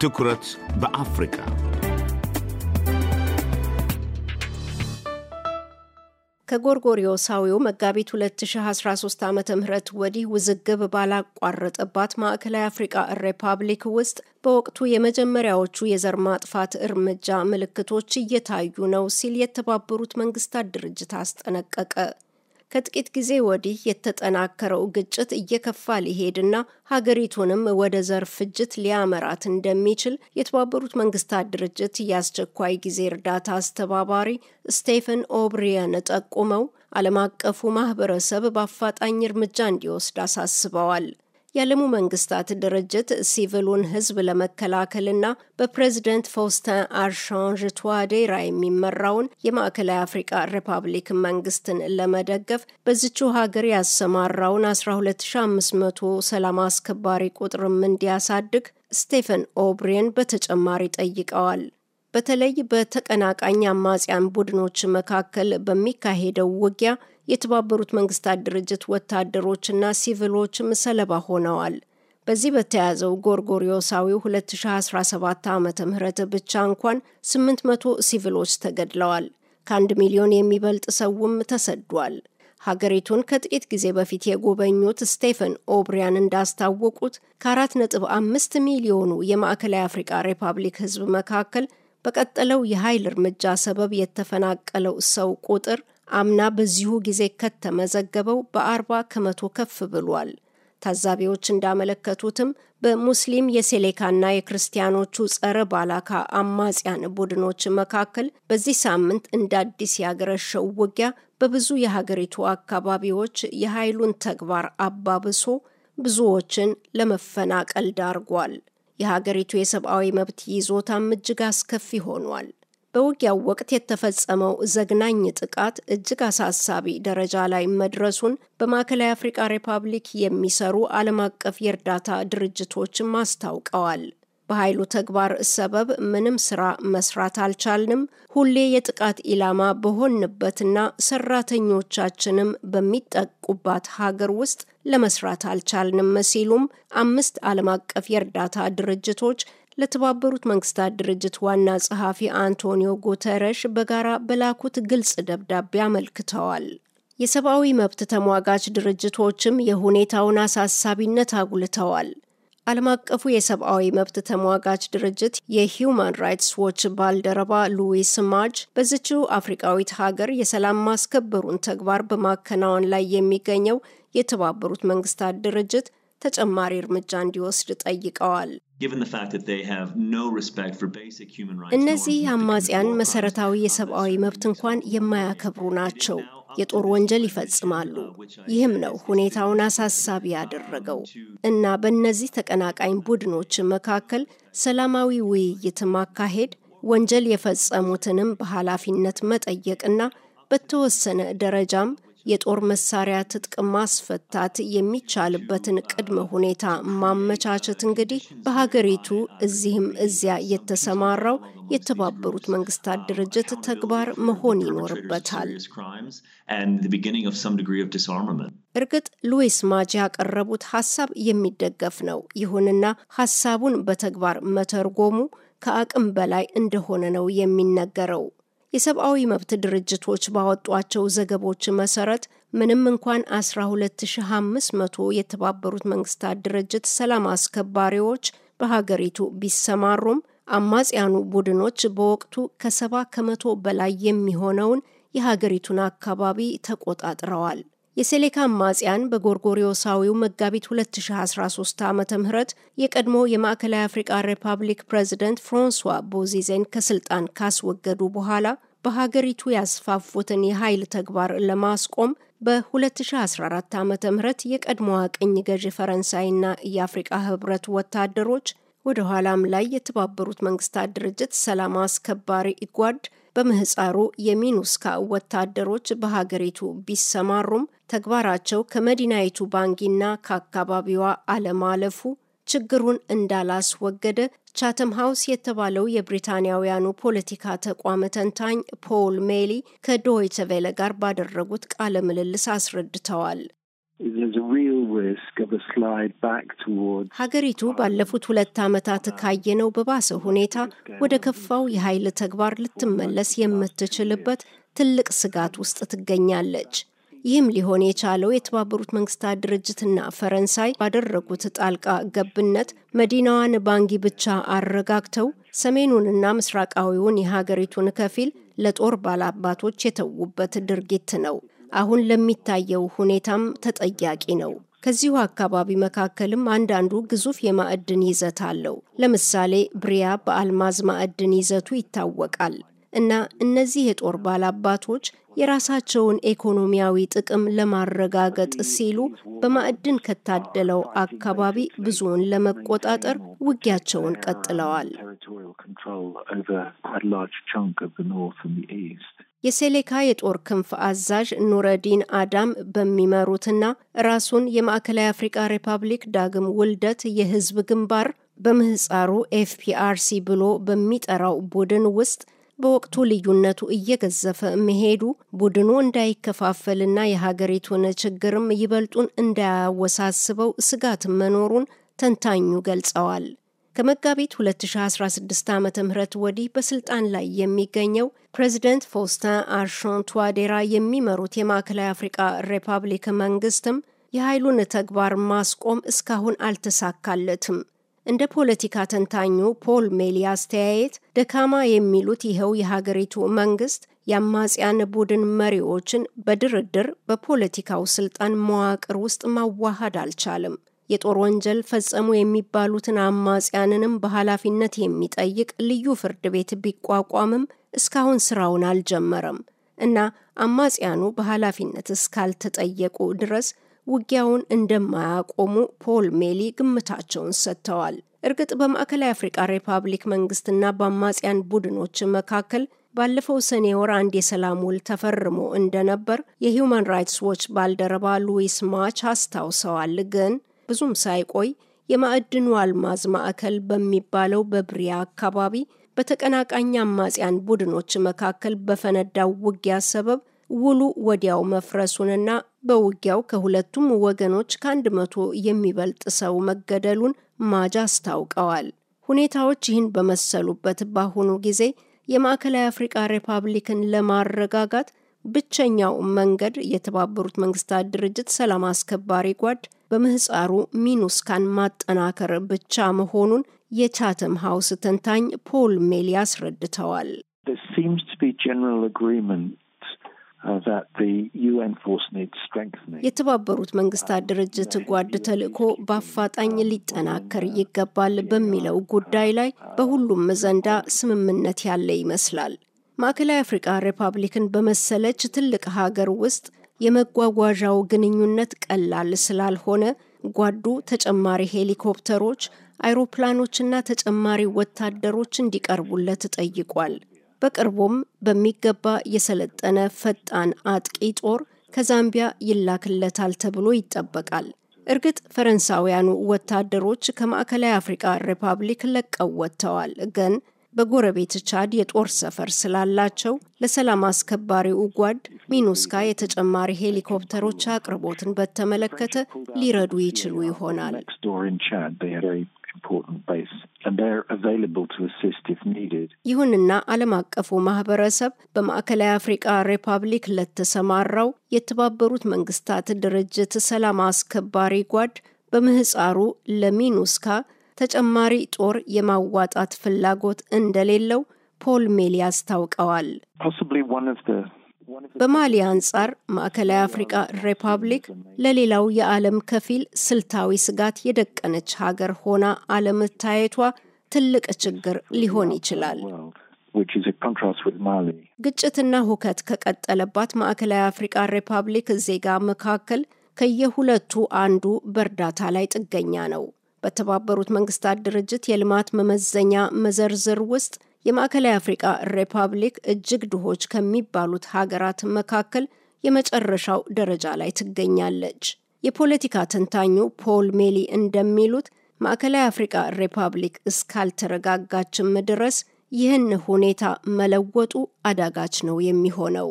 ትኩረት በአፍሪካ ከጎርጎሪዮሳዊው መጋቢት 2013 ዓ ም ወዲህ ውዝግብ ባላቋረጠባት ማዕከላዊ አፍሪቃ ሪፐብሊክ ውስጥ በወቅቱ የመጀመሪያዎቹ የዘር ማጥፋት እርምጃ ምልክቶች እየታዩ ነው ሲል የተባበሩት መንግስታት ድርጅት አስጠነቀቀ። ከጥቂት ጊዜ ወዲህ የተጠናከረው ግጭት እየከፋ ሊሄድና ሀገሪቱንም ወደ ዘር ፍጅት ሊያመራት እንደሚችል የተባበሩት መንግስታት ድርጅት የአስቸኳይ ጊዜ እርዳታ አስተባባሪ ስቴፈን ኦብሪየን ጠቁመው ዓለም አቀፉ ማህበረሰብ በአፋጣኝ እርምጃ እንዲወስድ አሳስበዋል። የዓለሙ መንግስታት ድርጅት ሲቪሉን ህዝብ ለመከላከልና በፕሬዝደንት ፎስተን አርሻንጅ ቱዋዴራ የሚመራውን የማዕከላዊ አፍሪቃ ሪፐብሊክ መንግስትን ለመደገፍ በዝችው ሀገር ያሰማራውን 12500 ሰላም አስከባሪ ቁጥርም እንዲያሳድግ ስቴፈን ኦብሪን በተጨማሪ ጠይቀዋል። በተለይ በተቀናቃኝ አማጽያን ቡድኖች መካከል በሚካሄደው ውጊያ የተባበሩት መንግስታት ድርጅት ወታደሮችና ሲቪሎችም ሰለባ ሆነዋል። በዚህ በተያዘው ጎርጎሪዮሳዊው 2017 ዓ ም ብቻ እንኳን 800 ሲቪሎች ተገድለዋል። ከአንድ ሚሊዮን የሚበልጥ ሰውም ተሰዷል። ሀገሪቱን ከጥቂት ጊዜ በፊት የጎበኙት ስቴፈን ኦብሪያን እንዳስታወቁት ከ4.5 ሚሊዮኑ የማዕከላዊ አፍሪቃ ሪፐብሊክ ህዝብ መካከል በቀጠለው የኃይል እርምጃ ሰበብ የተፈናቀለው ሰው ቁጥር አምና በዚሁ ጊዜ ከተመዘገበው በአርባ ከመቶ ከፍ ብሏል። ታዛቢዎች እንዳመለከቱትም በሙስሊም የሴሌካና የክርስቲያኖቹ ጸረ ባላካ አማጽያን ቡድኖች መካከል በዚህ ሳምንት እንደ አዲስ ያገረሸው ውጊያ በብዙ የሀገሪቱ አካባቢዎች የኃይሉን ተግባር አባብሶ ብዙዎችን ለመፈናቀል ዳርጓል። የሀገሪቱ የሰብአዊ መብት ይዞታም እጅግ አስከፊ ሆኗል። በውጊያው ወቅት የተፈጸመው ዘግናኝ ጥቃት እጅግ አሳሳቢ ደረጃ ላይ መድረሱን በማዕከላዊ አፍሪቃ ሪፐብሊክ የሚሰሩ ዓለም አቀፍ የእርዳታ ድርጅቶችም አስታውቀዋል። በኃይሉ ተግባር ሰበብ ምንም ስራ መስራት አልቻልንም፣ ሁሌ የጥቃት ኢላማ በሆንበትና ሰራተኞቻችንም በሚጠቁባት ሀገር ውስጥ ለመስራት አልቻልንም ሲሉም አምስት ዓለም አቀፍ የእርዳታ ድርጅቶች ለተባበሩት መንግስታት ድርጅት ዋና ጸሐፊ አንቶኒዮ ጉተረሽ በጋራ በላኩት ግልጽ ደብዳቤ አመልክተዋል። የሰብአዊ መብት ተሟጋች ድርጅቶችም የሁኔታውን አሳሳቢነት አጉልተዋል። ዓለም አቀፉ የሰብአዊ መብት ተሟጋች ድርጅት የሂውማን ራይትስ ዎች ባልደረባ ሉዊስ ማጅ በዝችው አፍሪቃዊት ሀገር የሰላም ማስከበሩን ተግባር በማከናወን ላይ የሚገኘው የተባበሩት መንግስታት ድርጅት ተጨማሪ እርምጃ እንዲወስድ ጠይቀዋል። እነዚህ አማጽያን መሰረታዊ የሰብአዊ መብት እንኳን የማያከብሩ ናቸው። የጦር ወንጀል ይፈጽማሉ። ይህም ነው ሁኔታውን አሳሳቢ ያደረገው እና በእነዚህ ተቀናቃኝ ቡድኖች መካከል ሰላማዊ ውይይት ማካሄድ፣ ወንጀል የፈጸሙትንም በኃላፊነት መጠየቅና በተወሰነ ደረጃም የጦር መሳሪያ ትጥቅ ማስፈታት የሚቻልበትን ቅድመ ሁኔታ ማመቻቸት እንግዲህ በሀገሪቱ እዚህም እዚያ የተሰማራው የተባበሩት መንግስታት ድርጅት ተግባር መሆን ይኖርበታል። እርግጥ ሉዊስ ማጅ ያቀረቡት ሀሳብ የሚደገፍ ነው። ይሁንና ሀሳቡን በተግባር መተርጎሙ ከአቅም በላይ እንደሆነ ነው የሚነገረው። የሰብአዊ መብት ድርጅቶች ባወጧቸው ዘገቦች መሰረት ምንም እንኳን 12500 የተባበሩት መንግስታት ድርጅት ሰላም አስከባሪዎች በሀገሪቱ ቢሰማሩም አማጽያኑ ቡድኖች በወቅቱ ከሰባ ከመቶ በላይ የሚሆነውን የሀገሪቱን አካባቢ ተቆጣጥረዋል። የሴሌካ አማጽያን በጎርጎሪዮሳዊው መጋቢት 2013 ዓ ም የቀድሞ የማዕከላዊ አፍሪቃ ሪፐብሊክ ፕሬዚደንት ፍራንሷ ቦዚዜን ከስልጣን ካስወገዱ በኋላ በሀገሪቱ ያስፋፉትን የኃይል ተግባር ለማስቆም በ2014 ዓ ም የቀድሞዋ ቅኝ ገዢ ፈረንሳይና የአፍሪቃ ህብረት ወታደሮች ወደ ኋላም ላይ የተባበሩት መንግስታት ድርጅት ሰላም አስከባሪ ኢጓድ በምህፃሩ የሚኑስካ ወታደሮች በሀገሪቱ ቢሰማሩም ተግባራቸው ከመዲናይቱ ባንጊና ከአካባቢዋ አለማለፉ ችግሩን እንዳላስወገደ ቻተም ሀውስ የተባለው የብሪታንያውያኑ ፖለቲካ ተቋም ተንታኝ ፖል ሜሊ ከዶይቸ ቬለ ጋር ባደረጉት ቃለ ምልልስ አስረድተዋል። ሀገሪቱ ባለፉት ሁለት ዓመታት ካየነው በባሰ ሁኔታ ወደ ከፋው የኃይል ተግባር ልትመለስ የምትችልበት ትልቅ ስጋት ውስጥ ትገኛለች። ይህም ሊሆን የቻለው የተባበሩት መንግስታት ድርጅትና ፈረንሳይ ባደረጉት ጣልቃ ገብነት መዲናዋን ባንጊ ብቻ አረጋግተው ሰሜኑንና ምስራቃዊውን የሀገሪቱን ከፊል ለጦር ባላባቶች የተዉበት ድርጊት ነው። አሁን ለሚታየው ሁኔታም ተጠያቂ ነው። ከዚሁ አካባቢ መካከልም አንዳንዱ ግዙፍ የማዕድን ይዘት አለው። ለምሳሌ ብሪያ በአልማዝ ማዕድን ይዘቱ ይታወቃል። እና እነዚህ የጦር ባላባቶች የራሳቸውን ኢኮኖሚያዊ ጥቅም ለማረጋገጥ ሲሉ በማዕድን ከታደለው አካባቢ ብዙውን ለመቆጣጠር ውጊያቸውን ቀጥለዋል። የሴሌካ የጦር ክንፍ አዛዥ ኑረዲን አዳም በሚመሩትና ራሱን የማዕከላዊ አፍሪቃ ሪፐብሊክ ዳግም ውልደት የህዝብ ግንባር በምህፃሩ ኤፍፒአርሲ ብሎ በሚጠራው ቡድን ውስጥ በወቅቱ ልዩነቱ እየገዘፈ መሄዱ ቡድኑ እንዳይከፋፈልና የሀገሪቱን ችግርም ይበልጡን እንዳያወሳስበው ስጋት መኖሩን ተንታኙ ገልጸዋል። ከመጋቢት 2016 ዓ ም ወዲህ በስልጣን ላይ የሚገኘው ፕሬዚደንት ፎስታን አርሾን ቱዋዴራ የሚመሩት የማዕከላዊ አፍሪቃ ሪፐብሊክ መንግስትም የኃይሉን ተግባር ማስቆም እስካሁን አልተሳካለትም። እንደ ፖለቲካ ተንታኙ ፖል ሜሊ አስተያየት ደካማ የሚሉት ይኸው የሀገሪቱ መንግስት የአማጽያን ቡድን መሪዎችን በድርድር በፖለቲካው ስልጣን መዋቅር ውስጥ ማዋሃድ አልቻለም። የጦር ወንጀል ፈጸሙ የሚባሉትን አማጽያንንም በኃላፊነት የሚጠይቅ ልዩ ፍርድ ቤት ቢቋቋምም እስካሁን ስራውን አልጀመረም እና አማጽያኑ በኃላፊነት እስካልተጠየቁ ድረስ ውጊያውን እንደማያቆሙ ፖል ሜሊ ግምታቸውን ሰጥተዋል። እርግጥ በማዕከላዊ አፍሪቃ ሪፐብሊክ መንግስትና በአማጽያን ቡድኖች መካከል ባለፈው ሰኔ ወር አንድ የሰላም ውል ተፈርሞ እንደነበር የሂዩማን ራይትስ ዎች ባልደረባ ሉዊስ ማች አስታውሰዋል ግን ብዙም ሳይቆይ የማዕድኑ አልማዝ ማዕከል በሚባለው በብሪያ አካባቢ በተቀናቃኝ አማጽያን ቡድኖች መካከል በፈነዳው ውጊያ ሰበብ ውሉ ወዲያው መፍረሱንና በውጊያው ከሁለቱም ወገኖች ከአንድ መቶ የሚበልጥ ሰው መገደሉን ማጅ አስታውቀዋል። ሁኔታዎች ይህን በመሰሉበት በአሁኑ ጊዜ የማዕከላዊ አፍሪቃ ሪፓብሊክን ለማረጋጋት ብቸኛው መንገድ የተባበሩት መንግስታት ድርጅት ሰላም አስከባሪ ጓድ በምህፃሩ ሚኑስካን ማጠናከር ብቻ መሆኑን የቻተም ሀውስ ተንታኝ ፖል ሜሊ አስረድተዋል። uh, የተባበሩት መንግስታት ድርጅት ጓድ ተልዕኮ በአፋጣኝ ሊጠናከር ይገባል በሚለው ጉዳይ ላይ በሁሉም ዘንዳ ስምምነት ያለ ይመስላል። ማዕከላዊ አፍሪቃ ሪፐብሊክን በመሰለች ትልቅ ሀገር ውስጥ የመጓጓዣው ግንኙነት ቀላል ስላልሆነ ጓዱ ተጨማሪ ሄሊኮፕተሮች፣ አይሮፕላኖችና ተጨማሪ ወታደሮች እንዲቀርቡለት ጠይቋል። በቅርቡም በሚገባ የሰለጠነ ፈጣን አጥቂ ጦር ከዛምቢያ ይላክለታል ተብሎ ይጠበቃል። እርግጥ ፈረንሳውያኑ ወታደሮች ከማዕከላዊ አፍሪካ ሪፐብሊክ ለቀው ወጥተዋል ግን በጎረቤት ቻድ የጦር ሰፈር ስላላቸው ለሰላም አስከባሪው ጓድ ሚኑስካ የተጨማሪ ሄሊኮፕተሮች አቅርቦትን በተመለከተ ሊረዱ ይችሉ ይሆናል። ይሁንና ዓለም አቀፉ ማህበረሰብ በማዕከላዊ አፍሪቃ ሪፐብሊክ ለተሰማራው የተባበሩት መንግስታት ድርጅት ሰላም አስከባሪ ጓድ በምህፃሩ ለሚኑስካ ተጨማሪ ጦር የማዋጣት ፍላጎት እንደሌለው ፖል ሜሊ አስታውቀዋል። በማሊ አንጻር ማዕከላዊ አፍሪቃ ሪፐብሊክ ለሌላው የዓለም ከፊል ስልታዊ ስጋት የደቀነች ሀገር ሆና አለመታየቷ ትልቅ ችግር ሊሆን ይችላል። ግጭትና ሁከት ከቀጠለባት ማዕከላዊ አፍሪቃ ሪፐብሊክ ዜጋ መካከል ከየሁለቱ አንዱ በእርዳታ ላይ ጥገኛ ነው። በተባበሩት መንግስታት ድርጅት የልማት መመዘኛ መዘርዝር ውስጥ የማዕከላዊ አፍሪቃ ሪፐብሊክ እጅግ ድሆች ከሚባሉት ሀገራት መካከል የመጨረሻው ደረጃ ላይ ትገኛለች። የፖለቲካ ተንታኙ ፖል ሜሊ እንደሚሉት ማዕከላዊ አፍሪቃ ሪፐብሊክ እስካልተረጋጋችም ድረስ ይህን ሁኔታ መለወጡ አዳጋች ነው የሚሆነው።